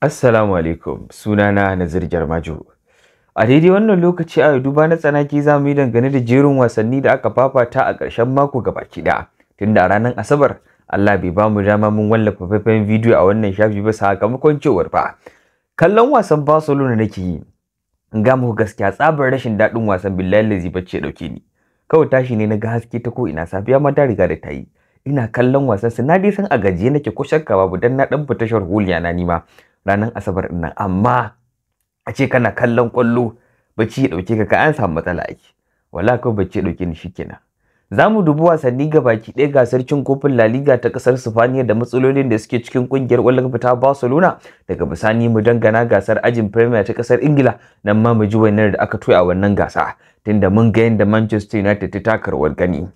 Assalamu alaikum sunana Nazir Jarmajo. A daidai wannan lokaci a duba na tsanaki za mu yi dangane da jerin wasanni da aka fafata a ƙarshen mako gaba ɗaya Tunda a ranar Asabar Allah bai ba mu dama mun wallafa faifan bidiyo a wannan shafi ba sakamakon cewar ba. Kallon wasan Barcelona nake yi. Ga mu gaskiya tsabar rashin daɗin wasan billahi lazi bacci ya ɗauke ni. Kawai tashi ne na ga haske ta ko ina safiya ma ta riga da ta yi. Ina kallon wasan su na dai san a gajiye nake ko shakka babu dan na ɗan fita huliya na nima. ranar asabar ɗin nan amma a ce kana kallon kwallo bacci ya ɗauke ka ka an samu matsala ake wala ko bacci ya ɗauke ni kenan. za mu dubi wasanni ga baki ɗaya gasar cin kofin La Liga ta ƙasar Sifaniya da matsalolin da suke cikin ƙungiyar ƙwallon kafa ta Barcelona daga bisani mu dangana gasar ajin Premier ta ƙasar Ingila nan ma mu ji wainar da aka toya a wannan gasa tunda mun ga yadda Manchester United ta taka gani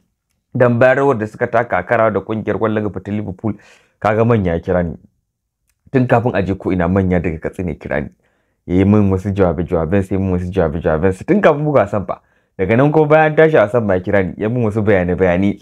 dan bayarwar da suka taka kara da ƙungiyar ƙwallon kafa ta Liverpool kaga manya kira ni tun kafin aje ko ina manya daga katsina kira ni ya yi min wasu jawabe jawaben sai min wasu jawabe jawaben su tun kafin buga san fa daga nan ko bayan tashi a san ba kira ni ya min wasu bayani bayani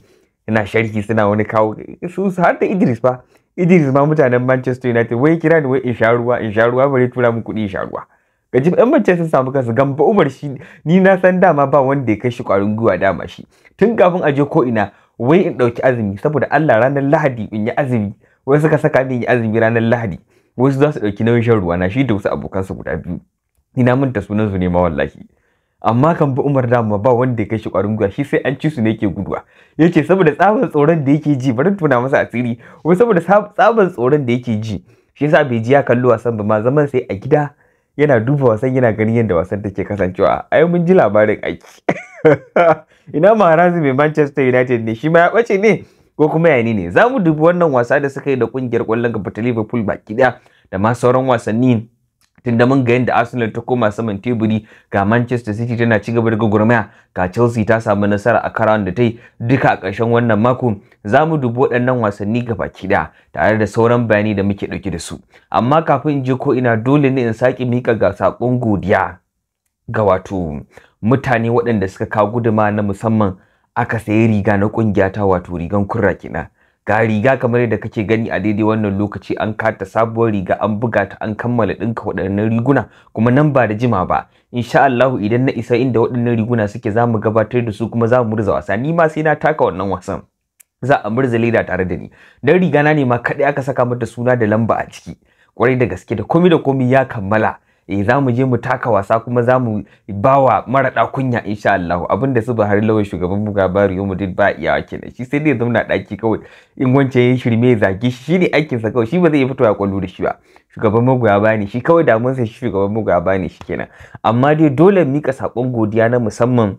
ina sharhi suna wani kawo su har da Idris fa Idris ma mutanen Manchester United wai kira ni wai in sha ruwa in sha ruwa tura mu kuɗi in sha ruwa gaji ɗan Manchester sun samu kansu gamba umar shi ni na san dama ba wanda ya kai shi ƙwarin gwiwa dama shi tun kafin aje ko ina wai in ɗauki azumi saboda Allah ranar Lahadi in yi azumi wai suka saka min azumi ranar lahadi wasu za su ɗauki nauyin shan ruwa na shi da wasu abokansa guda biyu ina minta sunan su ne ma wallahi amma kan bi Umar dama ba wanda ya kai shi kwarin gwiwa shi sai an ci su ne yake guduwa yace saboda tsaban tsoron da yake ji bari tuna masa asiri wai saboda tsaban tsoron da yake ji shi yasa bai ji ya kallo wasan ba ma zaman sai a gida yana duba wasan yana ganin yadda wasan take kasancewa ai mun ji labarin aiki ina Mahrez mai Manchester United ne shi ma ya bace ne ko kuma yani ne za mu dubi wannan wasa da suka yi da kungiyar kwallon gaba ta liverpool baki daya da ma sauran wasanni tunda mun ga yadda Arsenal ta koma saman teburi ga Manchester City tana ci gaba da gwagwarmaya ga Chelsea ta samu nasara a karawan da ta yi duka a ƙarshen wannan mako za mu dubi waɗannan wasanni gaba ki ɗaya tare da sauran bayani da muke ɗauke da su amma kafin in je ko ina dole ne in sake mika ga saƙon godiya ga wato mutane waɗanda suka kawo guduma na musamman aka sayi riga na kungiya ta wato rigan kurra kina ga riga kamar yadda kake gani a daidai wannan lokaci an kata sabuwar riga an buga ta an kammala ɗinka waɗannan riguna kuma nan ba da jima ba insha Allahu idan na isa inda waɗannan riguna suke za gabatar da su kuma za mu murza wasa ni ma sai na taka wannan wasan za a murza leda tare da ni dan riga na ne ma kaɗai aka saka mata suna da lamba a ciki kwarai da gaske da komai da komai ya kammala eh za mu je mu taka wasa kuma za mu ba wa maraɗa kunya insha Allah abin da su Buhari lawan shugaban mu yau mudin ba iyawa kenan shi sai dai zama na ɗaki kawai in wancan ya shirme zage shi ne aikin sa kawai shi ba zai iya ya kwallo da shi ba shugaban magoya bani shi kawai damun sa shi shugaban magoya ne shi kenan amma dai dole mu ka sakon godiya na musamman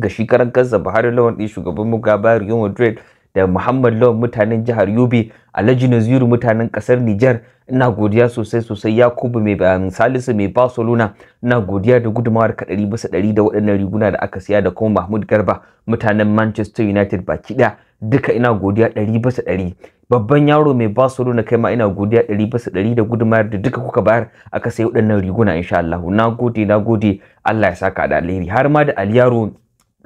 ga shi karan kansa Buhari lawan din shugaban mu yau Madrid da Muhammad Lawan mutanen jihar Yobe, Alhaji Naziru mutanen kasar Nijar, ina godiya sosai sosai Yakubu mai bayanin Salisu mai Barcelona, ina godiya da gudumawar ka ɗari bisa ɗari da waɗannan riguna da aka siya da kuma Mahmud Garba mutanen Manchester United baki ɗaya. Duka ina godiya ɗari bisa ɗari. Babban yaro mai Barcelona kai ma ina godiya ɗari bisa ɗari da gudumawar da duka kuka bayar aka sayi waɗannan riguna insha Allah. Na gode na gode Allah ya saka da alheri har ma da Aliyaro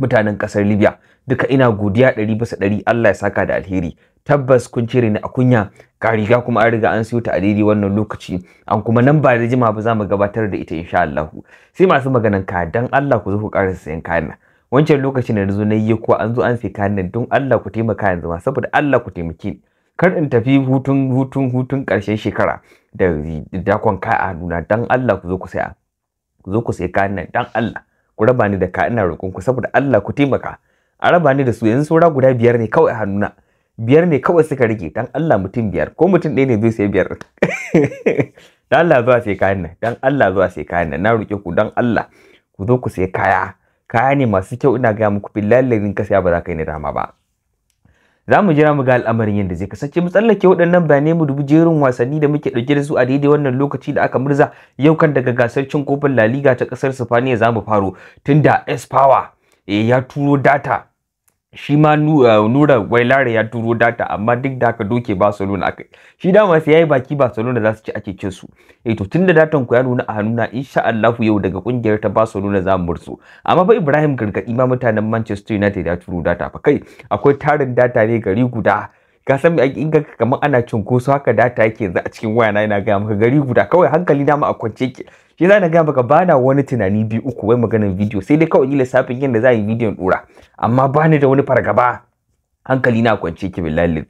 mutanen kasar Libya. duka ina godiya ɗari bisa ɗari Allah ya saka da alheri tabbas kun cire ni a kunya ka riga kuma an riga an siyo ta a daidai wannan lokaci an kuma nan ba da jima ba za mu gabatar da ita insha Allah sai masu maganan ka dan Allah ku zo ku ƙara sayan kayan wancan lokacin da zo na yi ko an zo an sayi kayan nan don Allah ku taimaka yanzu ma saboda Allah ku taimake kar in tafi hutun hutun hutun ƙarshen shekara da dakon kaya a hannuna, dan Allah ku zo ku saya ku zo ku sayi kayan nan dan Allah ku raba ni da kayan ina roƙon ku saboda Allah ku taimaka a raba ni da su yanzu saura guda biyar ne kawai hannuna biyar ne kawai suka rage dan Allah mutum biyar ko mutum ɗaya ne zai sai biyar dan Allah zuwa sai kayan nan dan Allah zuwa sai kayan nan na roke ku dan Allah ku zo ku sai kaya kaya ne masu kyau ina ga muku billahi lalin ka saya ba za ka yi nadama ba za mu jira mu ga al'amarin yadda zai kasance mu tsallake waɗannan bayanai mu dubi jerin wasanni da muke ɗauke da su a daidai wannan lokaci da aka murza yau kan daga gasar cin kofin La Liga ta ƙasar Sifaniya za mu faro tunda S Power eh, ya turo data shi ma eh, nura wailare ya turo data amma duk da haka doke barcelona aka shi dama sai yayi baki barcelona za su ci ake cin su eh to tunda datan ku ya nuna a hannuna insha Allah yau daga kungiyar ta barcelona za mu murso amma fa ibrahim gargadi ma mutanen manchester united ya turo data fa kai akwai tarin data ne gari guda ka san in ga kamar ana cunkoso haka data yake yanzu a cikin wayana yana ga maka gari guda kawai hankali dama a kwance yake shi za na gaya maka ba na wani tunani biyu uku wai maganin bidiyo sai dai kawai yi lissafin yadda za a yi bidiyon dora amma ba ni da wani fargaba hankali na kwance ki billahi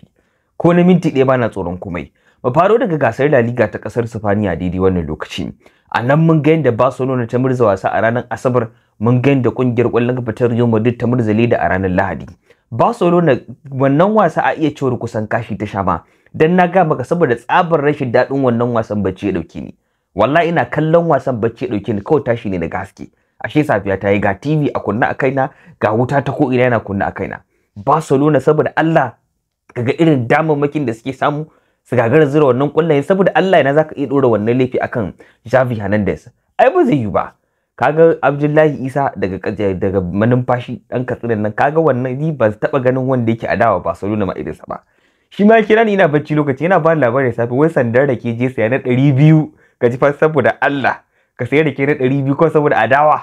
ko na minti ɗaya ba na tsoron komai mu faro daga gasar La Liga ta kasar Sifaniya daidai wannan lokaci a nan mun ga yadda Barcelona ta murza wasa a ranar Asabar mun ga yadda kungiyar kwallon kafa ta Real Madrid ta murza da a ranar Lahadi Barcelona wannan wasa a iya cewa kusan kashi ta sha ma dan na ga maka saboda tsabar rashin daɗin wannan wasan bacci ya dauke ni wallahi ina kallon wasan bacci dauke ni kawai tashi ne daga haske ashe safiya ta yi ga TV a kunna a kaina ga wuta ta ko ina yana kunna a kaina Barcelona saboda Allah kaga irin damammakin da suke samu su gagara zira wannan kullayen saboda Allah yana zaka iya dora wannan laifi akan Xavi Hernandez ai ba zai yi ba kaga Abdullahi Isa daga daga manumfashi dan katsirin nan kaga wannan ni ba taba ganin wanda yake adawa Barcelona ma irinsa ba shi ma kira ni ina bacci lokaci yana ba labari safe wai sandar da ke je saya na 200 ka ji fa saboda Allah ka da ke na ɗari biyu ko saboda adawa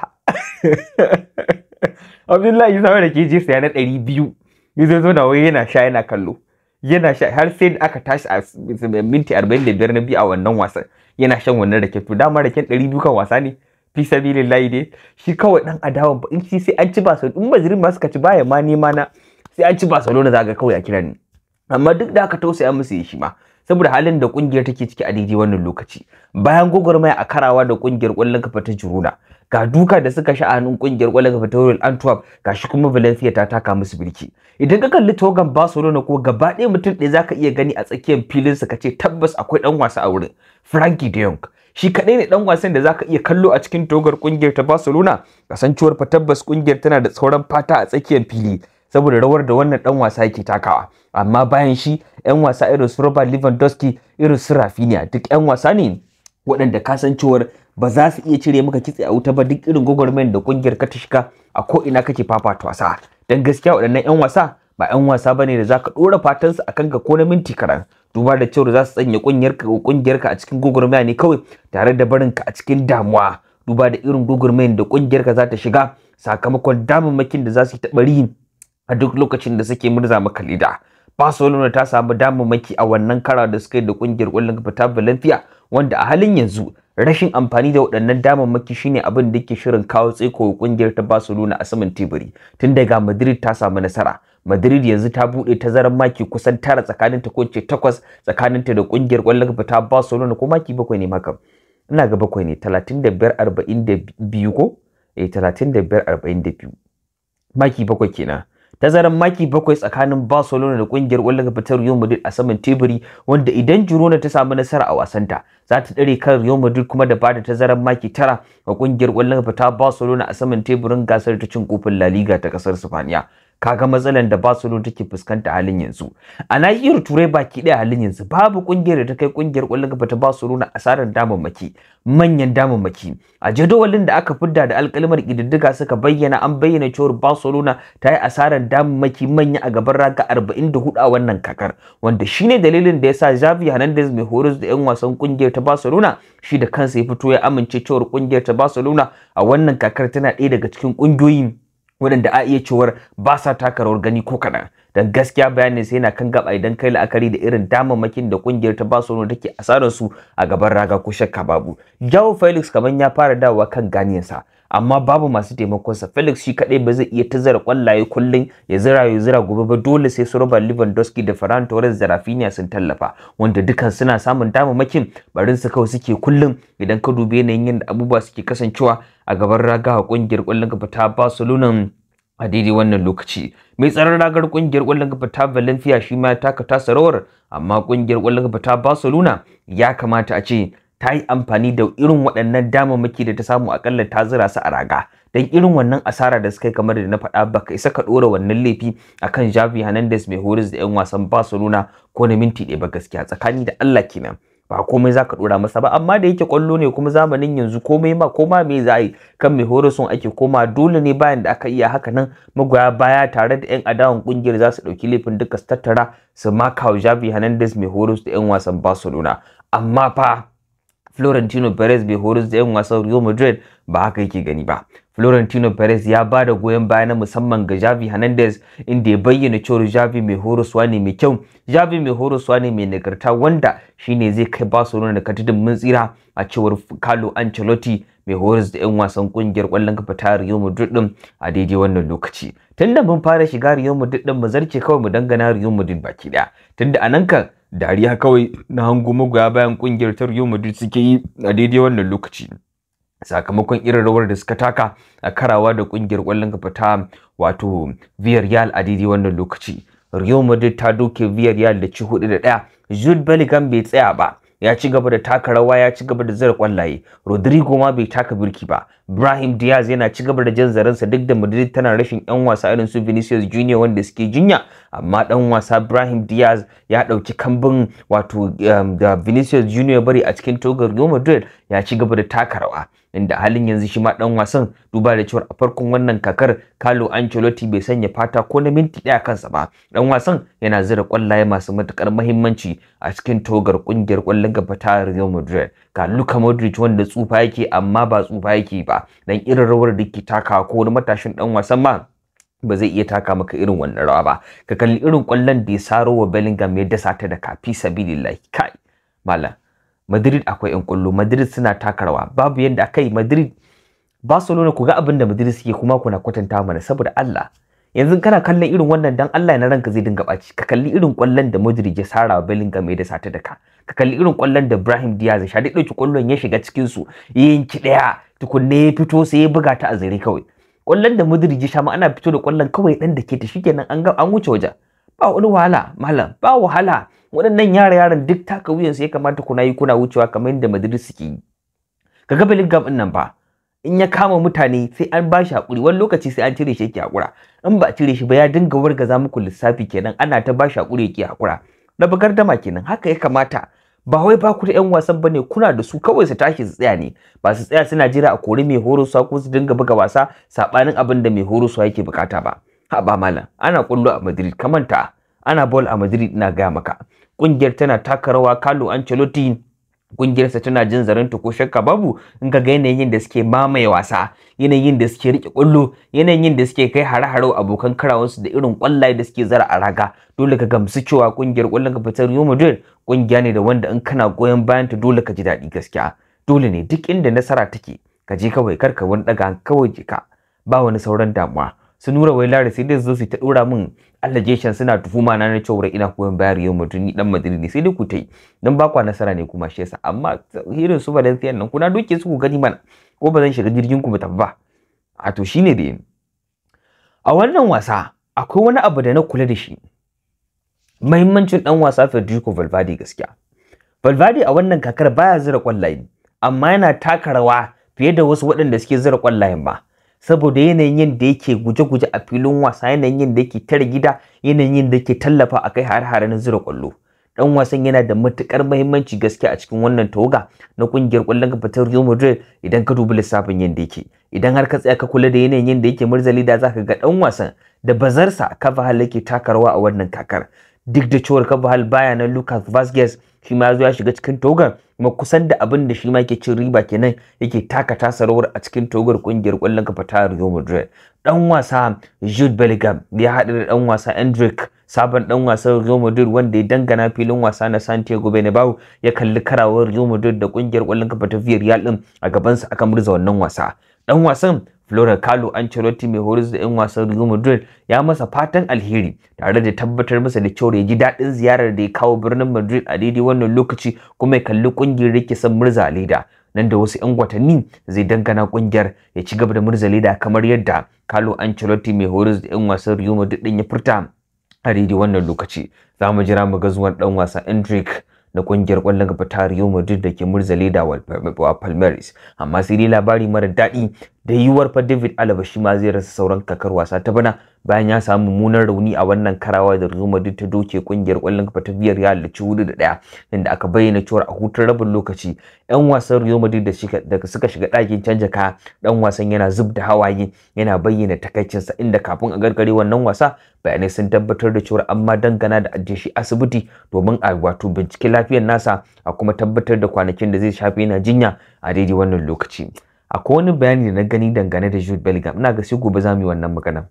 Abdullahi Isa da ke je saya na ɗari biyu Ni zai zo na wai yana sha yana kallo yana sha har sai aka tashi a minti arba'in da biyar na biyu a wannan wasan yana shan wannan rake to dama raken ɗari biyu kan wasa ne fi layi dai shi kawai ɗan adawa ba in sai an ci ba sa, in Madrid ma suka ci baya ma nema na sai an ci ba na za ka kawai a kiran ni amma duk da aka tausaya musu shi ma saboda halin da kungiyar take ciki a daidai wannan lokaci bayan gwagwarmaya a karawa da kungiyar kwallon kafa ta Girona ga duka da suka sha a hannun kungiyar kwallon kafa ta Royal Antwerp gashi kuma Valencia ta taka musu birki idan ka kalli togan Barcelona ko gaba ɗaya mutum ɗaya zaka iya gani a tsakiyar filin sa ce tabbas akwai dan wasa a wurin Frankie De Jong shi kadai ne dan wasan da zaka iya kallo a cikin togar kungiyar ta Barcelona kasancewar fa tabbas kungiyar tana da sauran fata a tsakiyar fili saboda rawar da wannan dan wasa yake takawa amma bayan shi yan wasa irin su Robert Lewandowski irin su Rafinha duk yan wasa ne waɗanda ka san kasancewar ba za su iya cire maka kitse a wuta ba duk irin gwagwarmayar da kungiyar ka ta shiga a ko ina kake fafata wasa dan gaskiya waɗannan yan wasa ba 'yan wasa bane da zaka dora fatansu akan ka ko na minti karan duba da cewa za su tsanya kungiyarka ka a cikin gwagwarmaya ne kawai tare da barin ka a cikin damuwa duba da irin gugurmayan da kungiyarka za ta shiga sakamakon damammakin da za su yi taɓa a duk lokacin da suke murza maka leda Barcelona ta samu maki a wannan kara da suka yi da kungiyar ƙwallon kafa ta Valencia wanda a halin yanzu rashin amfani da waɗannan damammaki shine abin da yake shirin kawo tsaiko kungiyar ta Barcelona a saman teburi tun daga Madrid ta samu nasara Madrid yanzu ta buɗe tazarar maki kusan tara tsakanin ta kowace takwas tsakanin ta da kungiyar ƙwallon kafa ta Barcelona ko maki bakwai ne maka ina ga bakwai ne 35 42 ko eh 35 42 maki bakwai kenan tazaran maki bakwai tsakanin Barcelona da kungiyar kwallon fitar Real Madrid a saman teburi wanda idan Girona ta samu nasara a wasanta za ta dare kan Real Madrid kuma da bada tazaran maki tara ga kungiyar kwallon fitar Barcelona a saman teburin gasar ta cin kofin La Liga ta kasar Spaniya. kaga matsalan da Barcelona take fuskanta halin yanzu a nahiyar turai baki daya halin yanzu babu kungiyar da ta kai kungiyar kwallon gaba ta Barcelona asarar damammaki manyan damammaki a jadawalin da aka fidda da alkalmar kididdiga suka bayyana an bayyana cewar Barcelona ta yi asarar damammaki manya a gaban raga 44 a wannan kakar wanda shine dalilin da yasa Xavi Hernandez mai horas da yan wasan kungiyar ta Barcelona shi da kansa ya fito ya amince cewar kungiyar ta Barcelona a wannan kakar tana ɗaya daga cikin kungiyoyin waɗanda a iya cewar ba sa taka rawar gani ko kaɗan don gaskiya bayanin sai yana kan gaba idan kai la'akari da irin damammakin da kungiyar ta Barcelona take asarar su a gaban raga ko shakka babu. Jao Felix kaman ya fara dawowa kan ganiyarsa amma babu masu taimakonsa Felix shi kadai ba zai iya tazara kwallaye kullum ya zira ya zira gobe ba dole sai su roba Lewandowski da Ferran Torres da Rafinha sun tallafa wanda dukan suna samun damamakin barin su kawai suke kullun idan ka dubi yanayin yadda abubuwa suke kasancewa a gaban raga kungiyar kwallon kafa ta Barcelona a daidai wannan lokaci mai tsaron ragar kungiyar kwallon kafa ta Valencia shi ma ya taka tasa rawar amma kungiyar kwallon kafa ta Barcelona ya kamata a ce ta yi amfani da irin waɗannan damammaki da ta samu akalla ta zira su a raga don irin wannan asara da suka yi kamar da na faɗa ba ka isa ka ɗora wannan laifi akan Javi Hernandez mai horis da 'yan wasan Barcelona ko na minti ɗaya ba gaskiya tsakani da Allah kenan ba komai za ka ɗora masa ba amma da yake ƙwallo ne kuma zamanin yanzu komai ma koma me za a yi kan mai horisun ake koma dole ne bayan da aka iya haka nan magoya baya tare da 'yan adawan ƙungiyar za su ɗauki laifin duka su tattara su maka Javi Hernandez mai horis da 'yan wasan Barcelona amma fa Florentino Perez bai horis da 'yan wasan Real Madrid ba haka yake gani ba. Florentino Perez ya ba da goyon baya na musamman ga Javi Hernandez inda ya bayyana cewa Javi mai horoswa ne mai kyau, Javi mai horoswa ne mai nagarta wanda shine zai kai Barcelona da katidin mun tsira a cewar Carlo Ancelotti mai horas da 'yan wasan kungiyar kwallon kafa ta Real Madrid din a daidai wannan lokaci. Tunda mun fara shiga Real Madrid din mu zarce kawai mu dangana Real Madrid baki daya. Tunda anan kan dariya kawai na hangu magoya bayan kungiyar ta Real Madrid suke yi a daidai wannan lokaci sakamakon irin rawar da suka taka a karawa da kungiyar kwallon kafa ta wato Villarreal a daidai wannan lokaci Real Madrid ta doke Villarreal da ci hudu da ɗaya Jude Bellingham bai tsaya ba ya ci gaba da taka rawa ya ci gaba da zira kwallaye rodrigo ma bai taka birki ba ibrahim diaz yana ci gaba da jan zaransa duk da madrid tana rashin yan wasa irin su vinicius junior wanda suke jinya amma dan wasa ibrahim diaz ya ɗauki kambin wato um, da vinicius junior bari a cikin togar madrid ya ci gaba da taka rawa inda halin yanzu shi ma dan wasan duba da cewa a farkon wannan kakar Carlo Ancelotti bai sanya fata ko na minti daya kansa ba dan wasan yana zira kwallaye masu matukar muhimmanci a cikin togar kungiyar kwallon gaba ta Real Madrid ga Luka Modric wanda tsufa yake amma ba tsufa yake ba dan irin rawar da ke taka ko wani matashin dan wasan ma ba zai iya taka maka irin wannan rawa ba ka kalli irin kwallon da ya saro wa Bellingham ya dasa ta da kafi sabilillahi kai malam Madrid akwai yan kullo Madrid suna takarwa babu yadda akai Madrid Barcelona ku ga abin da Madrid suke kuma kuna kwatanta mana saboda Allah yanzu kana kallon irin wannan dan Allah na ranka zai dinga baci ka kalli irin kwallon da Madrid ya sara wa Bellingham ya dasa ta daka ka kalli irin kwallon da Brahim Diaz ya dai dauki kwallon ya shiga cikin su yanki daya tukunne ya fito sai ya buga ta a zare kawai kwallon da Madrid ya sha ma ana fito da kwallon kawai dan da ke ta shikenan an ga an wuce waje ba wani wahala malam ba wahala waɗannan yara yaran duk taka wuyansu ya kamata kuna yi kuna wucewa kamar yadda Madrid suke yi Ka kaga Bellingham din nan ba. in ya kama mutane sai an ba shi hakuri wani lokaci sai an cire shi yake hakura in ba a cire shi ba ya dinga wargaza muku lissafi kenan ana ta ba shi hakuri yake hakura bugar dama kenan haka ya kamata ba wai ba ku da 'yan wasan ba ne kuna da su kawai su tashi su tsaya ne ba su tsaya suna jira a kori mai horo su ko su dinga buga wasa saɓanin abin da mai horo su yake bukata ba ha ba malam ana kullo a madrid kamanta ana ball a madrid ina gaya maka kungiyar tana taka rawa Carlo Ancelotti kungiyarsa tana jin zaren zarinta ko shakka babu in ka ga yanayin da suke mamaye wasa yanayin da suke rike kullo yanayin da suke kai hare-hare abokan karawansu da irin kwallaye da suke zara a raga dole ka gamsu cewa kungiyar kwallon ka fitar Real Madrid kungiya ne da wanda in kana goyon bayan ta dole ka ji daɗi gaskiya dole ne duk inda nasara take ka je kawai kar ka wani daga kawai jika. ba wani sauran damuwa su nura wailari sai dai su zo su ta dora min allegation suna tuhuma na na cewa ina koyon bayar yau mutum ni dan Madrid sai dai ku tai dan ba kwa nasara ne kuma shi yasa amma hirin su Valencia nan kuna duke su ku gani mana ko ba zan shiga jirgin ku ba tabba ba a to shine da a wannan wasa akwai wani abu da na kula da shi Muhimmancin dan wasa Federico Valverde gaskiya Valverde a wannan kakar baya zira kwallaye amma yana taka rawa fiye da wasu waɗanda suke zira kwallayen ba saboda yanayin da yake guje-guje a filin wasa yanayin da yake tare gida yanayin da yake tallafa a kai har-hare na zira kwallo dan wasan yana da matukar mahimmanci gaske a cikin wannan tawaga na kungiyar kwallon kafa ta Real Madrid idan ka dubi lissafin yadda yake idan har ka tsaya ka kula da yanayin da yake murzali da zaka ga dan wasan da bazarsa Cavahal yake taka rawa a wannan kakar duk da cewar Cavahal baya na Lucas Vazquez shi ma ya shiga cikin tawagar kuma kusan da abin da shi ma yake cin riba kenan yake taka tasa rawar a cikin togar kungiyar kwallon kafa ta Real Madrid dan wasa Jude Bellingham ya haɗu da dan wasa Endrick sabon dan wasan Real Madrid wanda ya dangana filin wasa na Santiago Bernabeu ya kalli karawar Real Madrid da kungiyar kwallon kafa ta Villarreal din a gaban sa aka murza wannan wasa dan wasan Flora Carlo Ancelotti mai horis da 'yan wasan Real Madrid ya masa fatan alheri tare da tabbatar masa da cewa ya ji daɗin ziyarar da ya kawo birnin Madrid a daidai wannan lokaci kuma ya kalli ƙungiyar rike son Mirza Leda. Nan da wasu 'yan watanni zai dangana ƙungiyar ya ci gaba da Mirza Leda kamar yadda Carlo Ancelotti mai horis da 'yan wasan Real Madrid ɗin ya furta a daidai wannan lokaci. Za mu jira mu ga zuwan ɗan wasa Endrick na ƙungiyar kwallon gaba ta Real Madrid da ke leda wa Palmeiras amma sai dai labari mara daɗi da yiwuwar fa David Alaba shi ma zai rasa sauran kakar wasa ta bana bayan ya samu mummunan rauni a wannan karawa da Real Madrid ta doke kungiyar kwallon kafa ta biyar da ci hudu da ɗaya, inda aka bayyana cewa a hutun rabin lokaci yan wasan Real Madrid da suka shiga ɗakin canja kaya ɗan wasan yana zub da hawaye yana bayyana takaicinsa inda kafin a gargare wannan wasa bayanai sun tabbatar da cewa amma dangana da ajiye shi asibiti domin a wato binciki lafiyar nasa a kuma tabbatar da kwanakin da zai shafe yana jinya a daidai wannan lokaci. akwai wani bayani da na gani dangane da Jude Bellingham ina ga sai gobe za mu yi wannan magana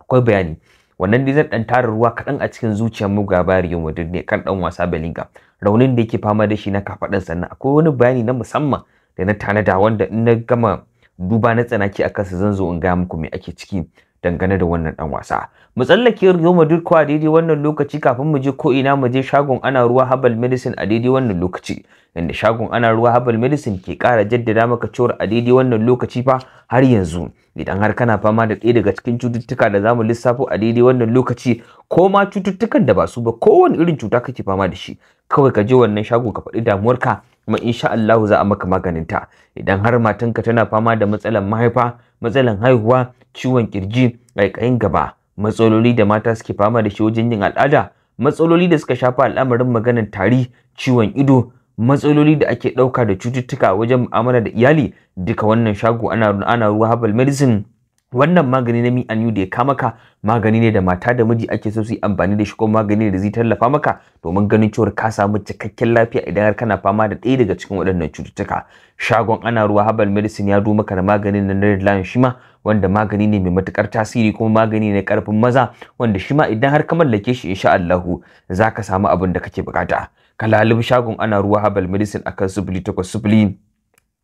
akwai bayani wannan dai zan dan tara ruwa kaɗan a cikin zuciyar mu gabari yau ne kan dan wasa Bellingham raunin da yake fama da shi na kafaɗar sannan akwai wani bayani na musamman da na tanada wanda in na gama duba na tsanaki a kansa zan zo in ga muku me ake ciki dangane da wannan dan wasa mu tsallake Real Madrid ko a daidai wannan lokaci kafin mu je ko ina mu je shagon ana ruwa Habal Medicine a daidai wannan lokaci inda shagon ana ruwa Habal Medicine ke kara jaddada maka cewar a daidai wannan lokaci fa har yanzu idan har kana fama da ɗaya daga cikin cututtuka da zamu lissafo a daidai wannan lokaci ko ma cututtukan da ba su ba kowane irin cuta kake fama da shi kawai ka je wannan shago ka faɗi damuwarka kuma insha Allah za a maka maganinta idan har matanka tana fama da matsalar mahaifa matsalan haihuwa ciwon kirji ƙaiƙayin gaba matsaloli da mata suke fama da shi wajen yin al'ada matsaloli da suka shafa al'amarin maganar tari ciwon ido matsaloli da ake ɗauka da cututtuka wajen mu'amala da iyali duka wannan shago ana ana ruwa herbal medicine wannan magani na mi anyu da ya ka maka magani ne da mata da miji ake so su yi amfani da shi ko magani ne da zai tallafa maka domin ganin cewar ka samu cikakken lafiya idan har kana fama da ɗaya daga cikin waɗannan cututtuka shagon ana ruwa herbal medicine ya duba maka da maganin na red lion shi wanda magani ne mai matukar tasiri kuma magani ne karfin maza wanda shima idan har ka mallake shi insha Allahu ka samu abin da kake bukata ka lalubi shagon ana ruwa herbal medicine akan sifili takwas subli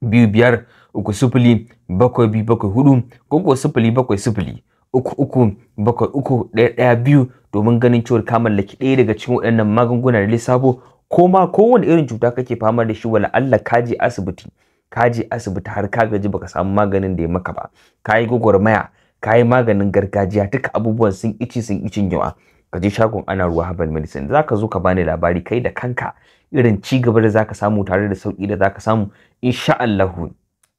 biyu biyar uku sufuli, bakwai biyu bakwai hudu ko kuwa sifili bakwai sufuli. uku uku bakwai uku ɗaya ɗaya biyu domin ganin cewar ka mallaki ɗaya daga cikin waɗannan magunguna da lissafo ko ma kowane irin cuta kake fama da shi wala Allah ka je asibiti ka je asibiti har ka gaji baka samu maganin da ya maka ba ka yi maya, ka yi maganin gargajiya duka abubuwan sun ici sun icin yawa ka je shagon ana ruwa herbal medicine za zo ka bani labari kai da kanka irin ci gaba da zaka samu tare da sauki da zaka samu insha Allahu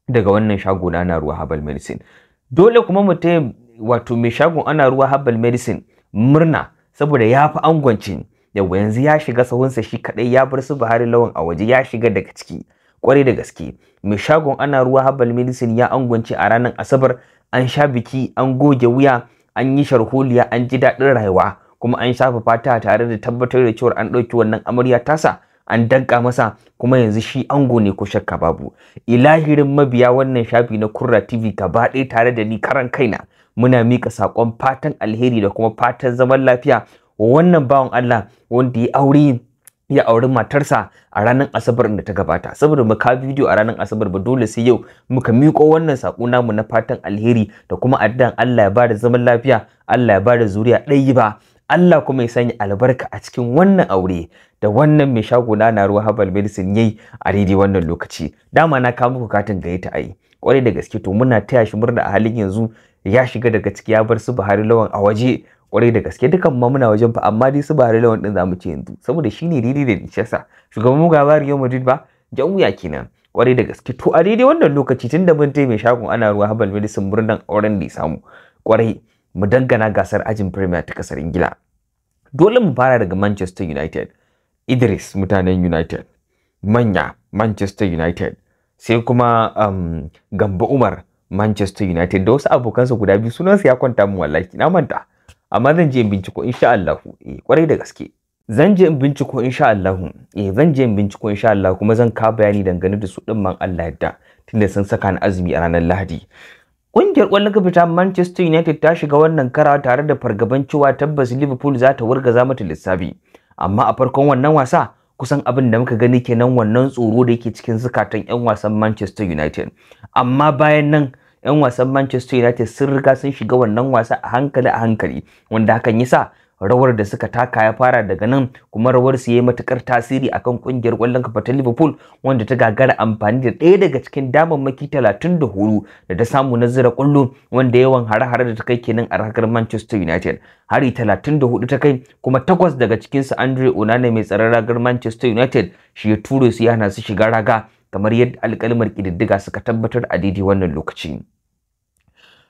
daga wannan shago ana ruwa herbal medicine dole kuma mu ta wato mai shagon ana ruwa herbal medicine murna saboda ya fi angwancin yau yanzu ya shiga sahunsa shi kadai ya bar su Buhari lawan a waje ya shiga daga ciki kwarai da gaske mai shagon ana ruwa herbal medicine ya angwance a ranar asabar an sha biki an goge wuya an yi sharholiya an ji daɗin rayuwa kuma an shafa fata tare da tabbatar da cewar an ɗauki wannan amarya tasa an danka masa kuma yanzu shi ango ne ko shakka babu ilahirin mabiya wannan shafi na kurra tv gaba ɗaya tare da ni karan kaina muna mika saƙon fatan alheri da kuma fatan zaman lafiya wannan bawan allah wanda ya aure ya auri matarsa a ranar asabar da ta gabata saboda mu ka bidiyo a ranar asabar ba dole sai yau muka miko wannan sako namu na fatan alheri da kuma addan Allah ya bada zaman lafiya Allah ya bada zuriya ɗayi ba Allah kuma ya sanya albarka a cikin wannan aure da wannan mai shaguna na ruwa Habal medicine yayi a daidai wannan lokaci dama na kawo muku katin ta ai kwarai da gaske to muna taya shi murna a halin yanzu ya shiga daga ciki ya bar su Buhari lawan a waje kwarai da gaske dukan ma muna wajen fa amma dai su Buhari lawan din zamu ce yanzu saboda shine daidai da dicesa shugaban mu bari yau Madrid ba jan wuya kenan kwarai da gaske to a daidai wannan lokaci tunda mun taya mai shagon ana ruwa Habal medicine murnan auren da ya samu kwarai mu dangana gasar ajin Premier ta kasar Ingila. Dole mu fara daga Manchester United, Idris mutanen United, manya Manchester United, sai kuma um, Gambo Umar Manchester United da wasu abokansa guda biyu sunansa ya kwanta mu wallahi na manta. Amma zan je in binciko insha Allah, eh kwarai da gaske. Zan je in binciko insha Allah, eh zan je in binciko insha Allah kuma zan ka bayani dangane da su din man Allah yadda tunda sun saka ni azumi a ranar Lahadi. Ƙungiyar ƙwallon kafa ta Manchester United ta shiga wannan kara tare da fargaban cewa tabbas Liverpool za ta wargaza mata lissafi. Amma a farkon wannan wasa kusan abin da muka gani kenan wannan tsoro da yake cikin zukatan 'yan wasan Manchester United. Amma bayan nan 'yan wasan Manchester United sun riga sun shiga wannan wasa a hankali a hankali wanda hakan yasa rawar da suka taka ya fara daga nan kuma rawar su yayi matukar tasiri akan kungiyar kwallon kafa ta Liverpool wanda ta gagara amfani da ɗaya daga cikin damammaki 34 da ta samu na zira kwallo wanda yawan hare-hare da ta kai kenan a rakar Manchester United hari 34 ta kai kuma takwas daga cikin su Andre Onana mai tsaron ragar Manchester United shi ya ture su yana su shiga raga kamar yadda alƙalmar ƙididdiga suka tabbatar a daidai wannan lokaci.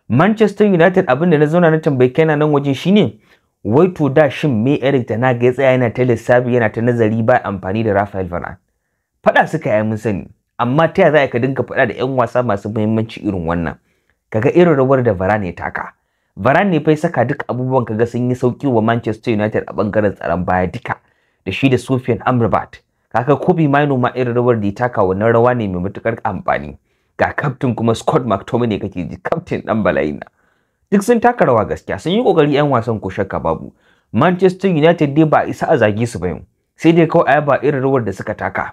Manchester United abinda na zauna na tambayi kaina nan wajen shine wai to da shin me Eric da na ya tsaya yana ta lissafi yana ta nazari ba amfani da Rafael Varane fada suka yi mun sani amma ta yaya za ka dinka fada da ƴan wasa masu muhimmanci irin wannan kaga irin rawar da Varane ya taka Varane ne fa saka duk abubuwan kaga sun yi sauki wa Manchester United a bangaren tsaron baya duka da shi da Sofian Amrabat kaga Kobe Mino ma irin rawar da ya taka wannan rawa ne mai matukar amfani ga captain kuma Scott McTominay kake ji captain dan bala'ina duk sun taka rawa gaskiya sun yi kokari yan wasan ko shakka babu Manchester United dai ba isa a zage su ba yau sai dai kawai ayaba irin rawar da suka taka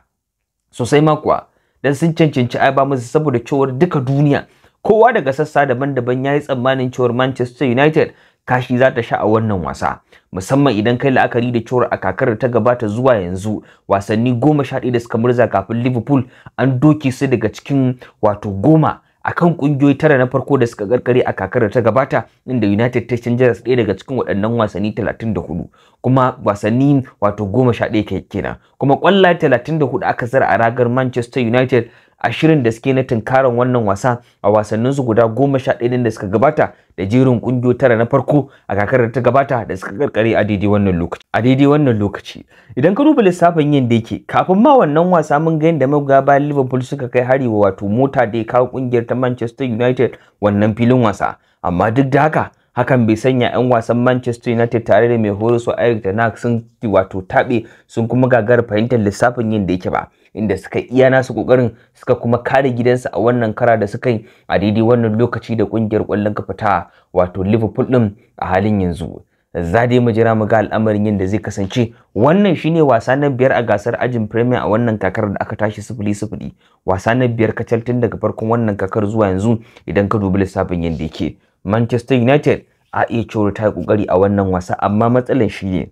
sosai ma kuwa dan sun cancanci ayaba musu saboda cewar duka duniya kowa daga sassa daban-daban ya yi tsammanin cewar Manchester United kashi za ta sha a wannan wasa musamman idan kai la'akari da cewar a kakar ta gabata zuwa yanzu wasanni goma sha ɗaya da suka murza kafin liverpool an doke su daga cikin wato goma akan kungiyoyi tara na farko da suka karkare a kakar ta gabata inda United ta canja ɗaya daga cikin waɗannan wasanni 34 kuma wasanni wato 11 kenan kuma kwallaye 34 aka zara a ragar Manchester United A shirin da suke na tunkaran wannan wasa a wasannin su guda goma sha ɗaya da suka gabata da jerin ƙungiyo tara na farko a kakar da ta gabata da suka karkare a daidai wannan lokaci a daidai wannan lokaci idan ka duba lissafin yin da yake kafin ma wannan wasa mun ga yadda magoya bayan liverpool suka kai hari wa wato mota da ya kawo ƙungiyar ta manchester united wannan filin wasa amma duk da haka hakan bai sanya 'yan wasan Manchester United tare da mai horo su Eric Ten Hag sun wato taɓe sun kuma gagara fahimtar lissafin yin da yake ba. inda suka iya nasu kokarin suka kuma kare gidansu a wannan kara da suka yi a daidai wannan lokaci da kungiyar kwallon kafa ta wato Liverpool din a halin yanzu za dai mu jira mu ga al'amarin yadda zai kasance wannan shine wasa na biyar a gasar ajin premier a wannan kakar da aka tashi sifili sifili wasa na biyar kacal tun daga farkon wannan kakar zuwa yanzu idan ka dubi lissafin yadda yake manchester united a iya ciro ta yi kokari a wannan wasa amma matsalar shi ne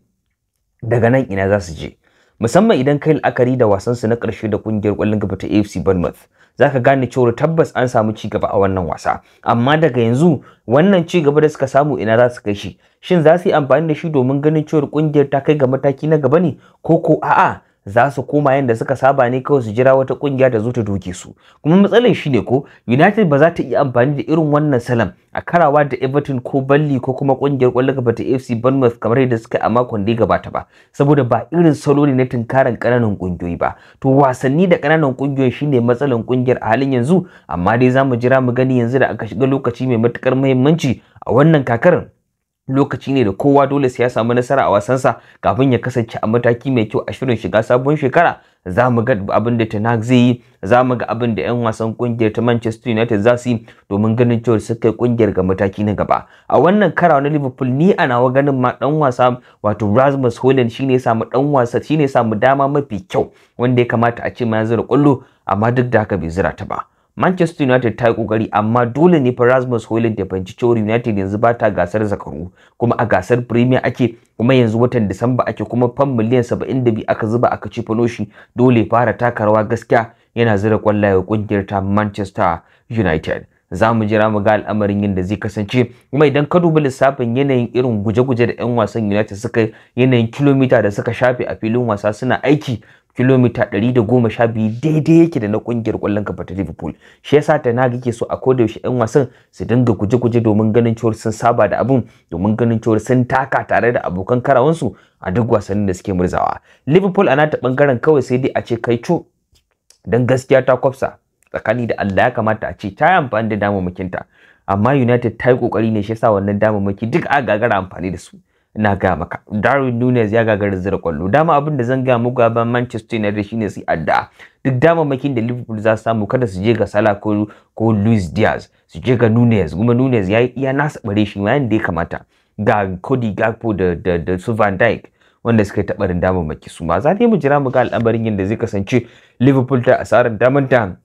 daga nan ina za su je musamman idan kai la'akari da wasan su na ƙarshe da kungiyar ƙwallon gaba ta AFC Bournemouth za ka gane cewa tabbas an samu ci gaba a wannan wasa amma daga yanzu wannan ci gaba da suka samu ina za su kai shi shin za su yi amfani da shi domin ganin cewa kungiyar ta kai ga mataki na gaba ne ko ko a'a za su koma yadda suka saba ne kawai su jira wata kungiya da zo doke su kuma matsalar shine ko united ba za ta iya amfani da irin wannan salam a karawa da everton ko balli ko kuma kungiyar kwallon bata ta fc bournemouth kamar yadda suka a makon da ya gabata ba saboda ba irin salo ne na tunkaran kananan kungiyoyi ba to wasanni da kananan kungiyoyi shine matsalar kungiyar a halin yanzu amma dai za mu jira mu gani yanzu da aka shiga lokaci mai matukar muhimmanci a wannan kakarin? lokaci ne da kowa dole sai ya samu nasara a wasansa kafin ya kasance a mataki mai kyau a shirin shiga sabon shekara za mu ga abin da Tenag zai yi za mu ga abin da 'yan wasan kungiyar ta Manchester United za su yi domin ganin cewa su kai kungiyar ga mataki na gaba a wannan karawa na Liverpool ni a nawa ganin ma dan wasa wato Rasmus Hojlund shine ya samu dan wasa shine ya samu dama mafi kyau wanda ya kamata a ce ma ya zura kullu amma duk da haka bai zira ta ba Manchester United ta yi kokari amma dole ne fa Rasmus Hojlund ya fahimci cewa United yanzu ba ta gasar zakaru kuma a gasar Premier ake kuma yanzu watan Disamba ake kuma fan miliyan 72 aka zuba aka ci shi dole fara taka rawa gaskiya yana zira kwallaye kungiyar ta Manchester United za mu jira mu ga al'amarin yadda zai kasance kuma idan ka duba lissafin yanayin irin guje-guje da 'yan wasan United suka yanayin kilomita da suka shafe a filin wasa suna aiki kilomita 112 daidai yake da na kungiyar kwallon kafa ta Liverpool shi yasa ta na ke so a koda yaushe ɗan wasan su dinga guje-guje domin ganin cewa sun saba da abun domin ganin cewar sun taka tare da abokan karawansu a duk wasannin da suke murzawa Liverpool ana ta bangaren kawai sai dai a ce kai co dan gaskiya ta kwafsa tsakani da Allah ya kamata a ce ta yi amfani da damammakinta amma United ta yi kokari ne shi yasa wannan damammaki duk a gagara amfani da su ina ga maka Darwin Nunez ya gagara zira kwallo dama abin da zan ga muku ban Manchester United shine su addu'a duk makin da Liverpool za su samu kada su je ga Salah ko ko Luis Diaz su je ga Nunez kuma Nunez ya iya nasa bare shi yayin da ya kamata ga Cody Gakpo da da, da su Van Dijk wanda suka taɓa maki su ma za mu jira mu ga al'amarin yadda zai kasance Liverpool ta asarar damanta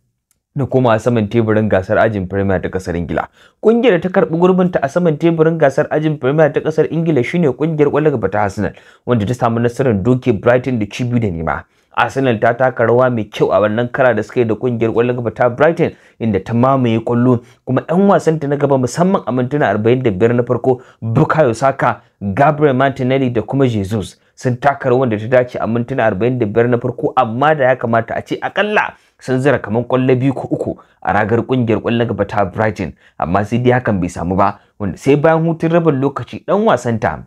da kuma a saman teburin gasar ajin Premier ta kasar Ingila. Kungiyar ta karbi ta a saman teburin gasar ajin Premier ta kasar Ingila shine kungiyar kwallon gaba ta Arsenal wanda ta samu nasarar doke Brighton da ci da nema. Arsenal ta taka rawa mai kyau a wannan kara da suka yi da kungiyar kwallon gaba ta Brighton inda ta mamaye kwallo kuma 'yan wasanta na gaba musamman a mintuna 45 na farko Bukayo Saka, Gabriel Martinelli da kuma Jesus sun taka rawar da ta dace a mintuna 45 na farko amma da ya kamata a ce akalla sun zira kamar kwallo biyu ko uku a ragar kungiyar kwallo gaba ta Brighton amma sai dai hakan bai samu ba wanda sai bayan hutun rabin lokaci dan wasan ta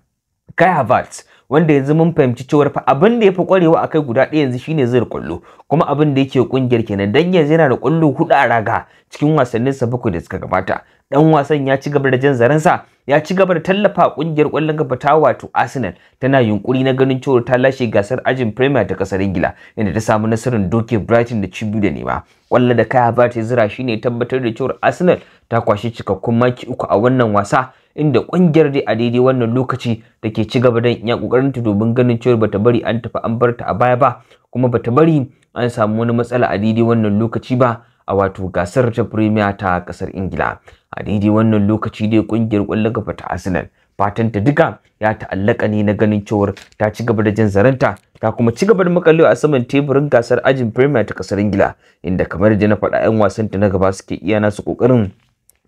Kai Havertz wanda yanzu mun fahimci cewar fa abin da ya fi kwarewa akai guda ɗaya yanzu shine zai kwallo kuma abin da yake kungiyar kenan dan yanzu yana da kwallo hudu a raga cikin wasannin sa bakwai da suka gabata dan wasan ya ci gaba da jan sa ya ci gaba da tallafa kungiyar ƙwallon gaba ta wato Arsenal tana yunkuri na ganin cewa ta lashe gasar ajin Premier ta kasar Ingila inda ta samu nasarar doke Brighton da ci da nema. Ƙwallon da Kaya Havertz ya zira shine tabbatar da cewa Arsenal ta kwashi cikakkun maki uku a wannan wasa inda kungiyar dai a daidai wannan lokaci da ke ci gaba da iya kokarin ta domin ganin cewa bata bari an tafi an bar ta a baya ba kuma bata bari an samu wani matsala a daidai wannan lokaci ba a wato gasar ta Premier ta kasar Ingila a daidai wannan lokaci dai kungiyar kwallon kafa ta Arsenal fatan ta duka ya ta'allaka ne na ganin cewar ta ci gaba da jin zaranta ta kuma ci gaba da makalewa a saman teburin gasar ajin Premier ta kasar Ingila inda kamar da na faɗa 'yan wasan ta na gaba suke iya nasu kokarin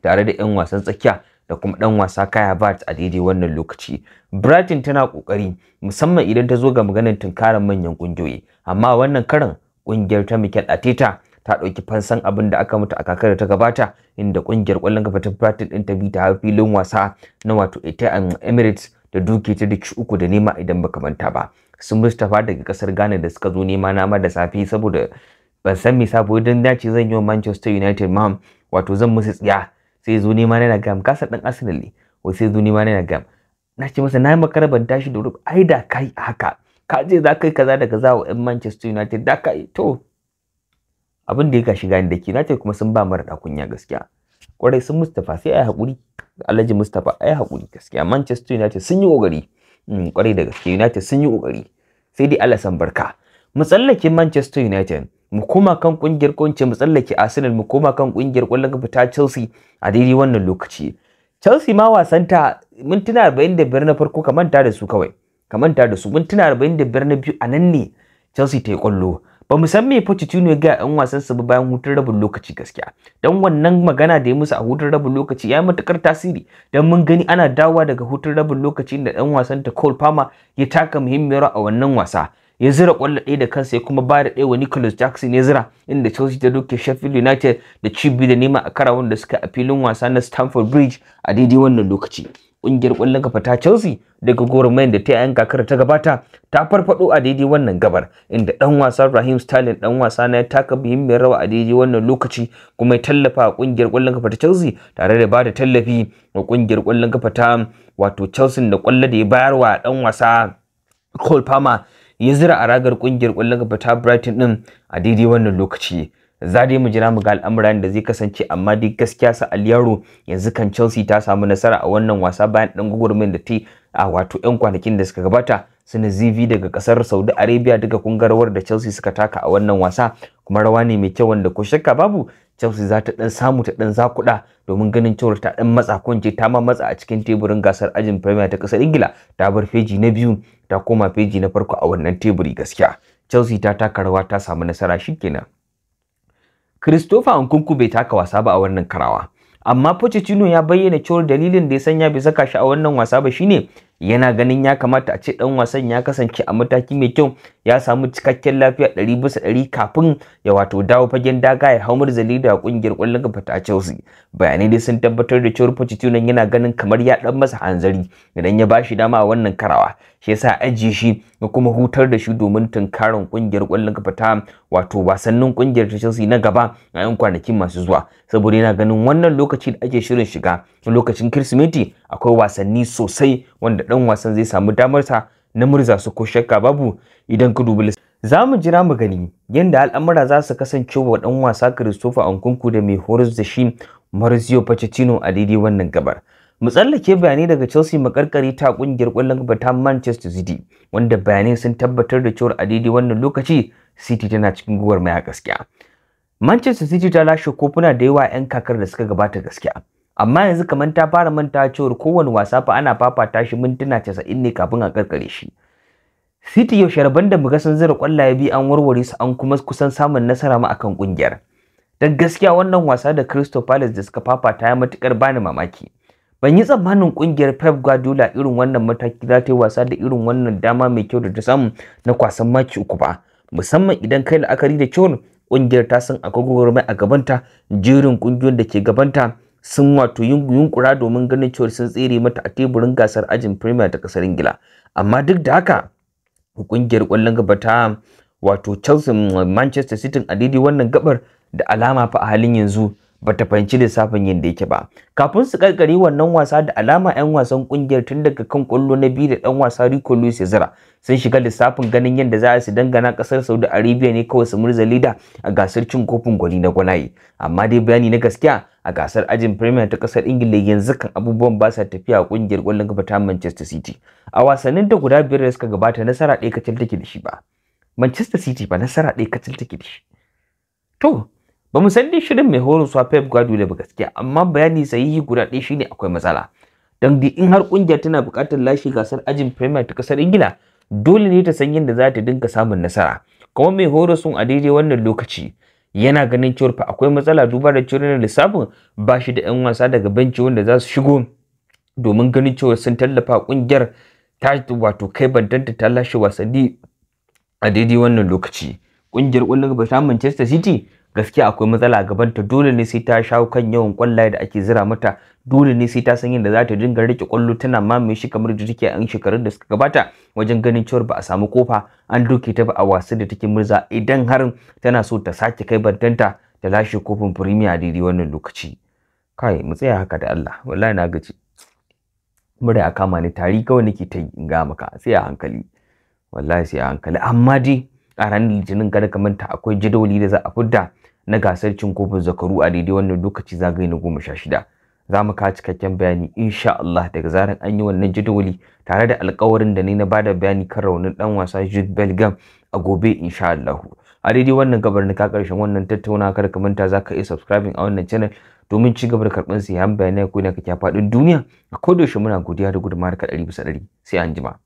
tare da 'yan wasan tsakiya da kuma ɗan wasa Kaya Bart a daidai wannan lokaci. Brighton tana kokari musamman idan ta zo ga maganar tunkarar manyan kungiyoyi, amma wannan karan ƙungiyar ta Mikel Arteta ta ɗauki fansan abin da aka mutu a kakar da ta gabata inda ƙungiyar kwallon kafa ta Brighton din ta bi ta har filin wasa na wato Etihad Emirates da duke ta duk uku da nema idan baka manta ba. Sun Mustapha daga kasar Ghana da suka zo nema nama da safe saboda ban san me sabo idan dace zan yi wa Manchester United ma wato zan musu tsiya sai zo ni ma na gam kasa dan Arsenal ne wai sai zo ni ma na gam na ce masa na makara ban tashi da wuri ai da kai haka ka je za ka yi kaza da kaza wa 'yan Manchester United da ka yi to abin da ya gashi gani da ke na ce kuma sun ba mara kunya gaskiya kwarai sun Mustapha sai ai hakuri Alhaji Mustapha ai hakuri gaskiya Manchester United sun yi kokari mm, kwarai da gaske United sun yi kokari sai dai Allah san barka mu tsallake Manchester United mu koma kan kungiyar kunce mu tsallake Arsenal mu koma kan kungiyar kwallon kafa ta Chelsea a daidai wannan lokaci Chelsea ma wasanta mintuna 45 na farko ka manta da su kawai ka manta da su mintuna 45 na biyu a nan ne Chelsea ta yi kwallo ba mu san me Pochettino ya ga ɗan wasan su bayan hutun rabin lokaci gaskiya dan wannan magana da ya musu a hutun rabin lokaci ya matukar tasiri dan mun gani ana dawowa daga hutun rabin lokaci da ɗan wasan ta Cole Palmer ya taka muhimmiyar a wannan wasa ya zira kwallo ɗaya da kansa ya kuma ba da ɗaya wa Nicholas Jackson ya zira inda Chelsea ta doke Sheffield United da cibi da nema a kara da suka a filin wasa na Stamford Bridge a daidai wannan lokaci. Ƙungiyar ƙwallon kafa ta Chelsea daga gwagwarmayar da ta yi a ta gabata ta farfado a daidai wannan gabar inda ɗan wasan Raheem Sterling ɗan wasa na ya taka muhimmiyar rawa a daidai wannan lokaci kuma ya tallafa ƙungiyar ƙwallon kafa ta Chelsea tare da ba da tallafi a ƙungiyar ƙwallon kafa ta wato Chelsea da ƙwallo da ya bayarwa ɗan wasa Cole Palmer ya zira a ragar kungiyar kwallon gaba ta Brighton din a daidai wannan lokaci za dai mu jira mu ga al'amuran da zai kasance amma dai gaskiya sa Aliyaro yanzu kan Chelsea ta samu nasara a wannan wasa bayan dan gugurmin da ta a wato yan kwanakin da suka gabata suna ZV daga kasar Saudi Arabia daga kungarwar da Chelsea suka taka a wannan wasa kuma rawa ne mai kyau wanda ko shakka babu Chelsea za ta dan samu ta dan zakuda domin ganin cewar ta dan matsa kunje ta ma matsa a cikin teburin gasar ajin Premier ta kasar Ingila ta bar feji na biyu ta koma feji na farko a wannan teburi gaskiya Chelsea ta taka rawa ta samu nasara shikenan Christopher Nkunku bai taka wasa ba a wannan karawa amma Pochettino ya bayyana cewar dalilin da ya sanya bai saka shi a wannan wasa ba shine yana ganin ya kamata a ce dan wasan ya kasance a mataki mai kyau ya samu cikakken lafiya 100 bisa 100 kafin ya wato dawo fagen daga ya hau murzali da kungiyar kwallon kafa ta Chelsea bayanai dai sun tabbatar da cewa Pochettino yana ganin kamar ya dan masa hanzari idan ya bashi dama a wannan karawa shi yasa ajiye shi da kuma hutar da shi domin tunkarin kungiyar kwallon kafa ta wato wasannin kungiyar ta Chelsea na gaba a yan kwanakin masu zuwa saboda yana ganin wannan lokaci da ake shirin shiga lokacin Kirsimeti akwai wasanni sosai wanda dan wasan zai samu damar sa na murza su ko shakka babu idan ka dubi za mu jira mu gani yadda al'amura za su kasance wa dan wasa Christopher Ankunku da mai horis da shi Mauricio Pochettino a daidai wannan gabar. mu tsallake bayanai daga Chelsea makarkari ta kungiyar kwallon kafa ta Manchester City wanda bayanai sun tabbatar da cewa a daidai wannan lokaci City tana cikin guwar maya gaskiya. Manchester City ta lashe kofuna da yawa 'yan kakar da suka gabata gaskiya. amma yanzu kamar ta fara manta cewar kowane wasa fa ana fafata shi mintuna casa'in ne kafin a karkare shi City yau sharban da muga san zira kwallaye bi an warware su an kuma kusan samun nasara ma akan kungiyar dan gaskiya wannan wasa da Crystal Palace da suka fafata ya matukar bani mamaki ban yi tsammanin kungiyar Pep Guardiola irin wannan mataki za ta yi wasa da irin wannan dama mai kyau da ta samu na kwasan maki uku ba musamman idan kai la'akari da cewar kungiyar ta san akwai gwagwarmai a gabanta jerin kungiyoyin da ke gabanta sun wato yunkura domin ganin cewar sun tsere mata a teburin gasar ajin Premier ta kasar Ingila. Amma duk da haka kungiyar kwallon gaba ta wato Chelsea Manchester City a daidai wannan gabar da alama fa a halin yanzu bata fahimci lissafin yin da yake ba kafin su karkare wannan wasa da alama 'yan wasan kungiyar tun daga kan kwallo na biyu da dan wasa Rico Luis zira sun shiga lissafin ganin yadda za su dangana kasar Saudi Arabia ne kawai su murza leda a gasar cin kofin gwani na gwanaye amma dai bayani na gaskiya a gasar ajin Premier ta kasar Ingila yanzu kan abubuwan ba sa tafiya a kungiyar kwallon kafa ta Manchester City a wasannin da guda biyar da suka gabata nasara ɗaya kacal take da shi ba Manchester City ba nasara ɗaya kacal take da shi to ba mu san dai shirin mai horon su Pep Guardiola ba gaskiya amma bayani sahihi guda ɗaya shine akwai matsala dan da in har kungiya tana buƙatar lashe gasar ajin Premier ta kasar Ingila dole ne ta san yadda za ta dinga samun nasara kuma mai horon sun a daidai wannan lokaci yana ganin cewar fa akwai matsala duba da cewar lissafin ba shi da 'yan wasa daga benci wanda za su shigo domin ganin cewa sun tallafa kungiyar ta wato kai bantanta ta lashe wasanni a daidai wannan lokaci kungiyar kwallon gaba ta Manchester City gaskiya akwai matsala gaban gabanta dole ne sai ta shawo kan yawan kwallaye da ake zira mata dole ne sai ta san yadda za ta dinga rike kwallo tana mamaye shi kamar da take an shekarun da suka gabata wajen ganin cewa ba a samu kofa an doke ta ba a wasu da take murza idan har tana so ta sake kai bantanta ta lashe kofin premier daidai wannan lokaci kai mu tsaya haka da Allah wallahi na gaji mura a kama ni tari kawai nake ta in ga maka sai a hankali wallahi sai a hankali amma dai a ranar litinin kada ka manta akwai jidoli da za a fidda na gasar cin kofin zakaru a daidai wannan lokaci zagaye na goma sha shida za mu kawo cikakken bayani insha Allah daga zaran an yi wannan jadawali tare da alkawarin da ni na bada bayani kan raunin dan wasa Jude Bellingham a gobe insha Allah a daidai wannan gabar na ka karshen wannan tattauna kar ka manta za ka iya subscribing a wannan channel domin ci gaba da karɓar sayan bayanai ko ne kake faɗin duniya a kodayaushe muna godiya da gudunmawar ka ɗari bisa ɗari sai anjima.